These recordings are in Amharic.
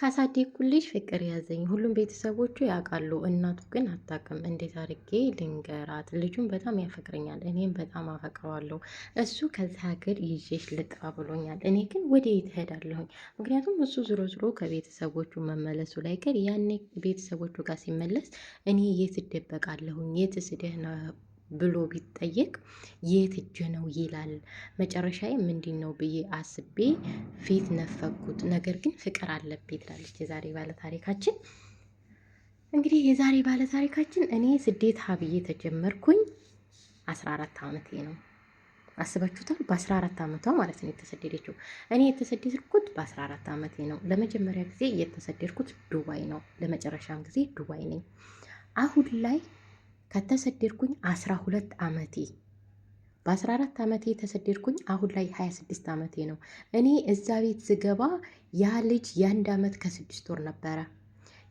ካሳደግኩልሽ ፍቅር ያዘኝ። ሁሉም ቤተሰቦቹ ያውቃሉ፣ እናቱ ግን አታውቅም። እንዴት አድርጌ ልንገራት? ልጁን በጣም ያፈቅረኛል፣ እኔም በጣም አፈቅረዋለሁ። እሱ ከዚ ሀገር ይዤሽ ልጥፋ ብሎኛል። እኔ ግን ወደ የት እሄዳለሁኝ? ምክንያቱም እሱ ዝሮ ዝሮ ከቤተሰቦቹ መመለሱ ላይ ቀር ያኔ ቤተሰቦቹ ጋር ሲመለስ እኔ የት እደበቃለሁኝ? የት ስደህ ነው ብሎ ቢጠየቅ የት እጅ ነው ይላል። መጨረሻዬ ምንድን ነው ብዬ አስቤ ፊት ነፈኩት፣ ነገር ግን ፍቅር አለብኝ ትላለች የዛሬ ባለታሪካችን። እንግዲህ የዛሬ ባለታሪካችን እኔ ስደት ሀብዬ ተጀመርኩኝ አስራ አራት ዓመቴ ነው። አስባችሁታል? በአስራ አራት ዓመቷ ማለት ነው የተሰደደችው። እኔ የተሰደድኩት በአስራ አራት ዓመቴ ነው። ለመጀመሪያ ጊዜ የተሰደድኩት ዱባይ ነው። ለመጨረሻም ጊዜ ዱባይ ነኝ አሁን ላይ ከተሰደድኩኝ አስራ ሁለት ዓመቴ በአስራ አራት ዓመቴ የተሰደድኩኝ አሁን ላይ ሀያ ስድስት ዓመቴ ነው። እኔ እዛ ቤት ስገባ ያ ልጅ የአንድ ዓመት ከስድስት ወር ነበረ።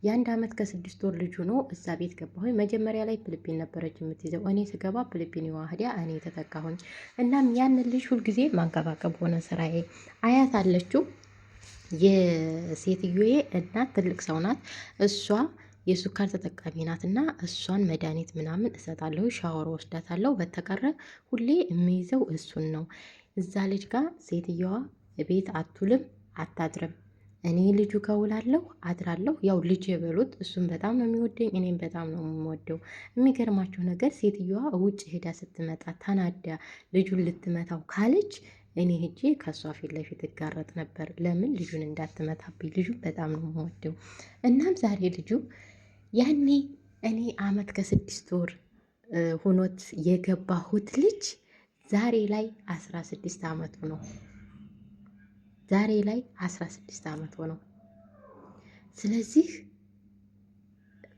የአንድ ዓመት ከስድስት ወር ልጅ ሆኖ እዛ ቤት ገባሁኝ። መጀመሪያ ላይ ፊልፒን ነበረች የምትይዘው። እኔ ስገባ ፊልፒን ዋህዲያ እኔ የተተካሁኝ። እናም ያንን ልጅ ሁልጊዜ ማንከባከብ ሆነ ስራዬ። አያት አለችው የሴትዮዬ እናት ትልቅ ሰው ናት እሷ የሱካር ተጠቃሚ ናት እና እሷን መድኃኒት ምናምን እሰጣለሁ፣ ሻወር ወስዳታለሁ። በተቀረ ሁሌ የሚይዘው እሱን ነው። እዛ ልጅ ጋር ሴትየዋ ቤት አትውልም አታድርም። እኔ ልጁ ጋር ውላለሁ አድራለሁ። ያው ልጅ የበሉት እሱን በጣም ነው የሚወደኝ፣ እኔም በጣም ነው የምወደው። የሚገርማቸው ነገር ሴትየዋ ውጭ ሄዳ ስትመጣ ተናዳ ልጁን ልትመታው ካለች እኔ ሄጄ ከእሷ ፊት ለፊት እጋረጥ ነበር። ለምን ልጁን እንዳትመታብኝ፣ ልጁን በጣም ነው የምወደው። እናም ዛሬ ልጁ ያኔ እኔ አመት ከስድስት ወር ሆኖት የገባሁት ልጅ ዛሬ ላይ አስራ ስድስት አመት ነው። ዛሬ ላይ አስራ ስድስት አመት ሆኖ ስለዚህ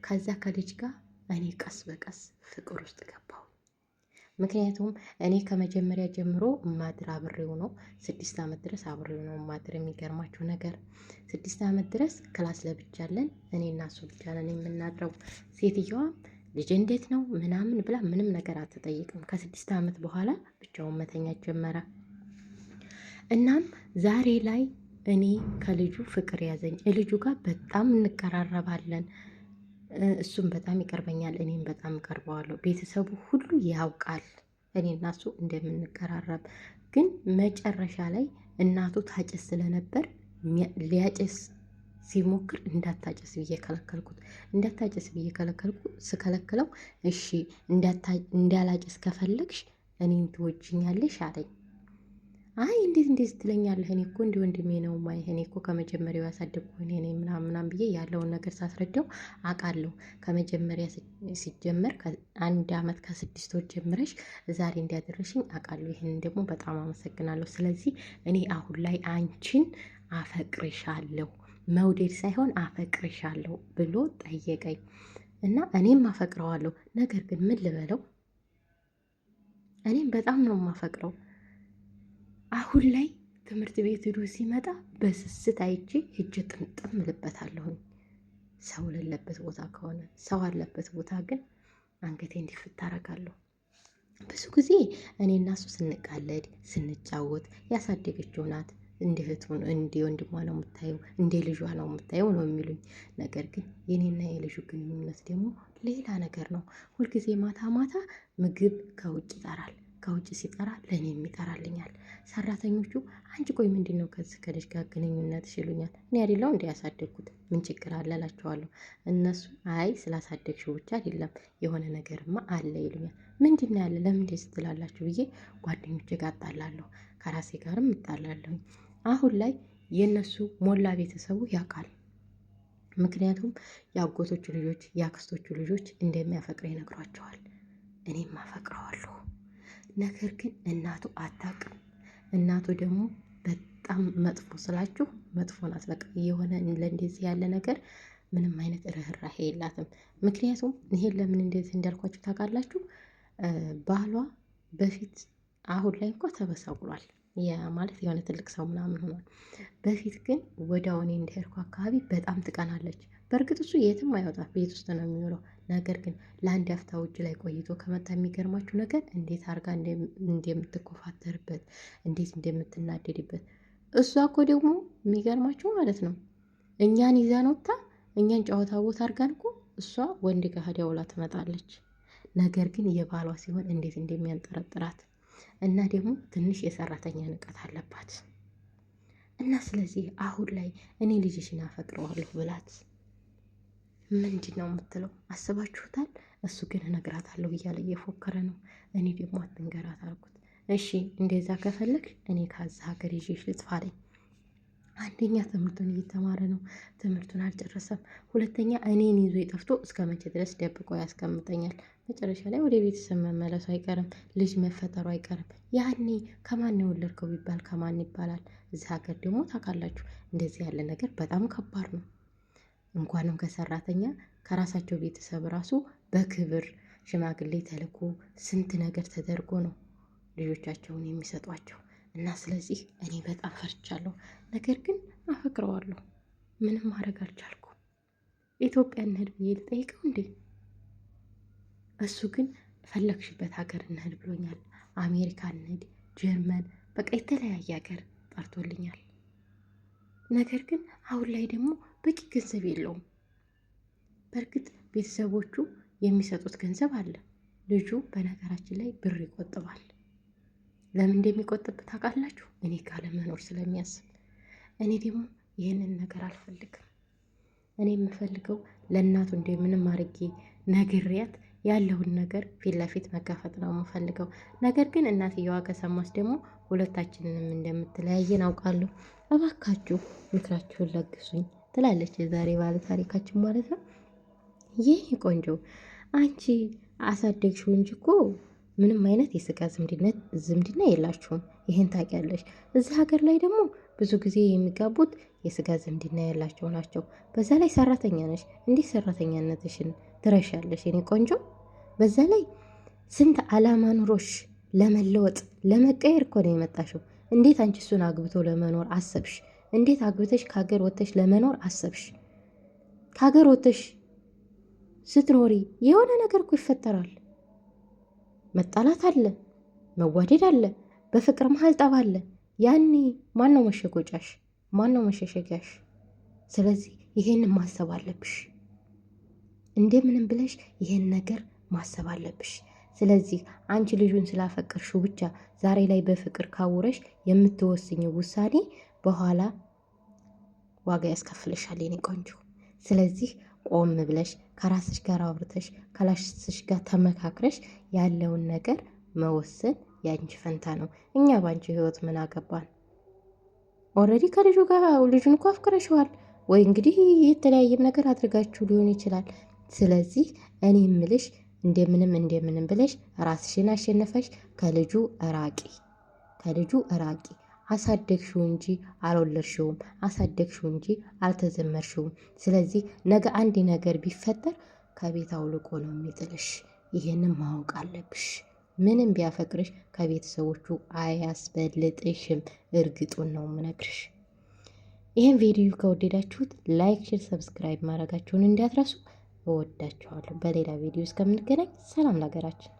ከዛ ከልጅ ጋር እኔ ቀስ በቀስ ፍቅር ውስጥ ገባሁ። ምክንያቱም እኔ ከመጀመሪያ ጀምሮ ማድር አብሬው ነው ስድስት ዓመት ድረስ አብሬው ነው ማድር። የሚገርማችሁ ነገር ስድስት ዓመት ድረስ ክላስ ለብቻለን እኔ እና እሱ የምናድረው። ሴትየዋም ልጅ እንዴት ነው ምናምን ብላ ምንም ነገር አትጠይቅም። ከስድስት ዓመት በኋላ ብቻውን መተኛት ጀመረ። እናም ዛሬ ላይ እኔ ከልጁ ፍቅር ያዘኝ። ልጁ ጋር በጣም እንቀራረባለን። እሱም በጣም ይቀርበኛል፣ እኔም በጣም እቀርበዋለሁ። ቤተሰቡ ሁሉ ያውቃል እኔና እሱ እንደምንቀራረብ። ግን መጨረሻ ላይ እናቱ ታጨስ ስለነበር ሊያጨስ ሲሞክር እንዳታጨስ ብዬ ከለከልኩት። እንዳታጨስ ብዬ ከለከልኩ ስከለክለው እሺ እንዳላጨስ ከፈለግሽ እኔን ትወጅኛለሽ አለኝ። አይ እንዴት እንዴት ትለኛለህ? እኔ እኮ እንዲህ ወንድሜ ነው ማይ እኔ እኮ ከመጀመሪያው ያሳደግኩህ እኔ ነኝ ምናምን ምናምን ብዬ ያለውን ነገር ሳስረዳው አውቃለሁ። ከመጀመሪያ ሲጀመር አንድ አመት ከስድስት ወር ጀምረሽ ዛሬ እንዲያደረሽኝ አውቃለሁ። ይህንን ደግሞ በጣም አመሰግናለሁ። ስለዚህ እኔ አሁን ላይ አንቺን አፈቅርሻለሁ፣ መውደድ ሳይሆን አፈቅርሻለሁ ብሎ ጠየቀኝ እና እኔም አፈቅረዋለሁ። ነገር ግን ምን ልበለው? እኔም በጣም ነው የማፈቅረው አሁን ላይ ትምህርት ቤት ሂዱ ሲመጣ በስስት አይቼ ሂጄ ጥምጥም እልበታለሁኝ። ሰው ለለበት ቦታ ከሆነ ሰው አለበት ቦታ ግን አንገቴ እንዲፍት አደርጋለሁ። ብዙ ጊዜ እኔ እና እሱ ስንቃለድ ስንጫወት ያሳደገችው ናት እንደ እንዲ ወንድሟ ነው የምታየው፣ እንደ ልጇ ነው የምታየው ነው የሚሉኝ። ነገር ግን የኔና የልጁ ግንኙነት ደግሞ ሌላ ነገር ነው። ሁልጊዜ ማታ ማታ ምግብ ከውጭ ይጠራል። ከውጭ ሲጠራ ለእኔም ይጠራልኛል። ሰራተኞቹ አንቺ ቆይ ምንድን ነው ከዚህ ከልጅ ጋር ግንኙነትሽ ይሉኛል። እኔ አይደለሁ እንዲ ያሳደግኩት ምን ችግር አለ እላቸዋለሁ። እነሱ አይ ስላሳደግሽው ብቻ አይደለም የሆነ ነገርማ አለ ይሉኛል። ምንድን ነው ያለ ለምንድን ስትላላችሁ ብዬ ጓደኞች ጋር እጣላለሁ፣ ከራሴ ጋርም እጣላለሁ። አሁን ላይ የእነሱ ሞላ ቤተሰቡ ያውቃል። ምክንያቱም የአጎቶቹ ልጆች የአክስቶቹ ልጆች እንደሚያፈቅረ ይነግሯቸዋል። እኔም አፈቅረዋለሁ። ነገር ግን እናቱ አታውቅም። እናቱ ደግሞ በጣም መጥፎ ስላችሁ መጥፎ ናት። በቃ የሆነ ለእንደዚህ ያለ ነገር ምንም አይነት ርኅራሄ የላትም። ምክንያቱም ይሄን ለምን እንደዚህ እንዳልኳችሁ ታውቃላችሁ? ባሏ በፊት አሁን ላይ እንኳ ተበሳቁሏል። ማለት የሆነ ትልቅ ሰው ምናምን ሆኗል። በፊት ግን ወደ አሁኔ እንደሄድኩ አካባቢ በጣም ትቀናለች። በእርግጥ እሱ የትም አይወጣም፣ ቤት ውስጥ ነው የሚኖረው ነገር ግን ለአንድ አፍታ ውጭ ላይ ቆይቶ ከመጣ የሚገርማችሁ ነገር እንዴት አርጋ እንደምትኮፋተርበት፣ እንዴት እንደምትናደድበት እሷ እኮ ደግሞ የሚገርማችሁ ማለት ነው እኛን ይዛን ወጥታ እኛን ጨዋታ ቦታ አርጋን እኮ እሷ ወንድ ጋር ሄዳ ውላ ትመጣለች። ነገር ግን የባሏ ሲሆን እንዴት እንደሚያንጠረጥራት እና ደግሞ ትንሽ የሰራተኛ ንቀት አለባት እና ስለዚህ አሁን ላይ እኔ ልጅሽን አፈቅረዋለሁ ብላት ምንድን ነው የምትለው? አስባችሁታል? እሱ ግን እነግራታለሁ እያለ እየፎከረ ነው። እኔ ደግሞ አትንገራት አልኩት። እሺ እንደዛ ከፈለግ እኔ ከዛ ሀገር ይዤሽ ልጥፋ አንደኛ ትምህርቱን እየተማረ ነው፣ ትምህርቱን አልጨረሰም። ሁለተኛ እኔን ይዞ የጠፍቶ እስከ መቼ ድረስ ደብቆ ያስቀምጠኛል? መጨረሻ ላይ ወደ ቤተሰብ መመለሱ አይቀርም፣ ልጅ መፈጠሩ አይቀርም። ያኔ ከማን የወለድከው ቢባል ከማን ይባላል? እዚህ ሀገር ደግሞ ታውቃላችሁ፣ እንደዚህ ያለ ነገር በጣም ከባድ ነው። እንኳንም ከሰራተኛ ከራሳቸው ቤተሰብ ራሱ በክብር ሽማግሌ ተልኮ ስንት ነገር ተደርጎ ነው ልጆቻቸውን የሚሰጧቸው እና ስለዚህ እኔ በጣም ፈርቻለሁ። ነገር ግን አፈቅረዋለሁ። ምንም ማድረግ አልቻልኩ? ኢትዮጵያ እንሂድ ብዬ ልጠይቀው እንዴ? እሱ ግን ፈለግሽበት ሀገር እንሂድ ብሎኛል። አሜሪካ እንሂድ፣ ጀርመን፣ በቃ የተለያየ ሀገር ጠርቶልኛል። ነገር ግን አሁን ላይ ደግሞ በቂ ገንዘብ የለውም። በእርግጥ ቤተሰቦቹ የሚሰጡት ገንዘብ አለ። ልጁ በነገራችን ላይ ብር ይቆጥባል። ለምን እንደሚቆጥብ ታውቃላችሁ? እኔ ካለመኖር ስለሚያስብ። እኔ ደግሞ ይህንን ነገር አልፈልግም። እኔ የምፈልገው ለእናቱ እንደምንም አድርጌ ነግሬያት ያለውን ነገር ፊት ለፊት መጋፈጥ ነው የምፈልገው። ነገር ግን እናትየዋ ከሰማች ደግሞ ሁለታችንንም እንደምትለያየን አውቃለሁ። እባካችሁ ምክራችሁን ለግሱኝ ትላለች የዛሬ ባለ ታሪካችን ማለት ነው። ይህ ቆንጆ አንቺ አሳደግሽው እንጂ እኮ ምንም አይነት የስጋ ዝምድነት ዝምድና የላችሁም። ይህን ታውቂያለሽ። እዚህ ሀገር ላይ ደግሞ ብዙ ጊዜ የሚጋቡት የስጋ ዝምድና ያላቸው ናቸው። በዛ ላይ ሰራተኛ ነሽ። እንዴት ሰራተኛነትሽን ትረሻለሽ? የኔ ቆንጆ በዛ ላይ ስንት አላማ ኑሮሽ ለመለወጥ ለመቀየር እኮ ነው የመጣሽው። እንዴት አንቺ እሱን አግብቶ ለመኖር አሰብሽ? እንዴት አግብተሽ ከሀገር ወጥተሽ ለመኖር አሰብሽ? ከሀገር ወጥተሽ ስትኖሪ የሆነ ነገር እኮ ይፈጠራል። መጣላት አለ፣ መዋደድ አለ፣ በፍቅር መሀል ጠብ አለ። ያኔ ማን ነው መሸጎጫሽ? ማን ነው መሸሸጊያሽ? ስለዚህ ይሄንን ማሰብ አለብሽ። እንደምንም ብለሽ ይሄን ነገር ማሰብ አለብሽ። ስለዚህ አንቺ ልጁን ስላፈቀርሽው ብቻ ዛሬ ላይ በፍቅር ካወረሽ የምትወስኝው ውሳኔ በኋላ ዋጋ ያስከፍልሻል የኔ ቆንጆ። ስለዚህ ቆም ብለሽ ከራስሽ ጋር አውርተሽ ከራስሽ ጋር ተመካክረሽ ያለውን ነገር መወሰን የአንቺ ፈንታ ነው። እኛ በአንቺ ህይወት ምን አገባን? ኦልሬዲ ከልጁ ጋር ልጁን እኮ አፍቅረሽዋል። ወይ እንግዲህ የተለያየም ነገር አድርጋችሁ ሊሆን ይችላል። ስለዚህ እኔ ምልሽ እንደምንም እንደምንም ብለሽ ራስሽን አሸንፈሽ ከልጁ ራቂ፣ ከልጁ ራቂ። አሳደግሽው እንጂ አልወለድሽውም፣ አሳደግሽው እንጂ አልተዘመርሽውም። ስለዚህ ነገ አንድ ነገር ቢፈጠር ከቤት አውልቆ ነው የሚጥልሽ። ይህንም ማወቅ አለብሽ። ምንም ቢያፈቅርሽ ከቤተሰቦቹ አያስበልጥሽም። እርግጡን ነው የምነግርሽ። ይህን ቪዲዮ ከወደዳችሁት ላይክ፣ ሼር፣ ሰብስክራይብ ማድረጋችሁን እንዳትረሱ። እወዳችኋለሁ። በሌላ ቪዲዮ እስከምንገናኝ ሰላም ለሀገራችን።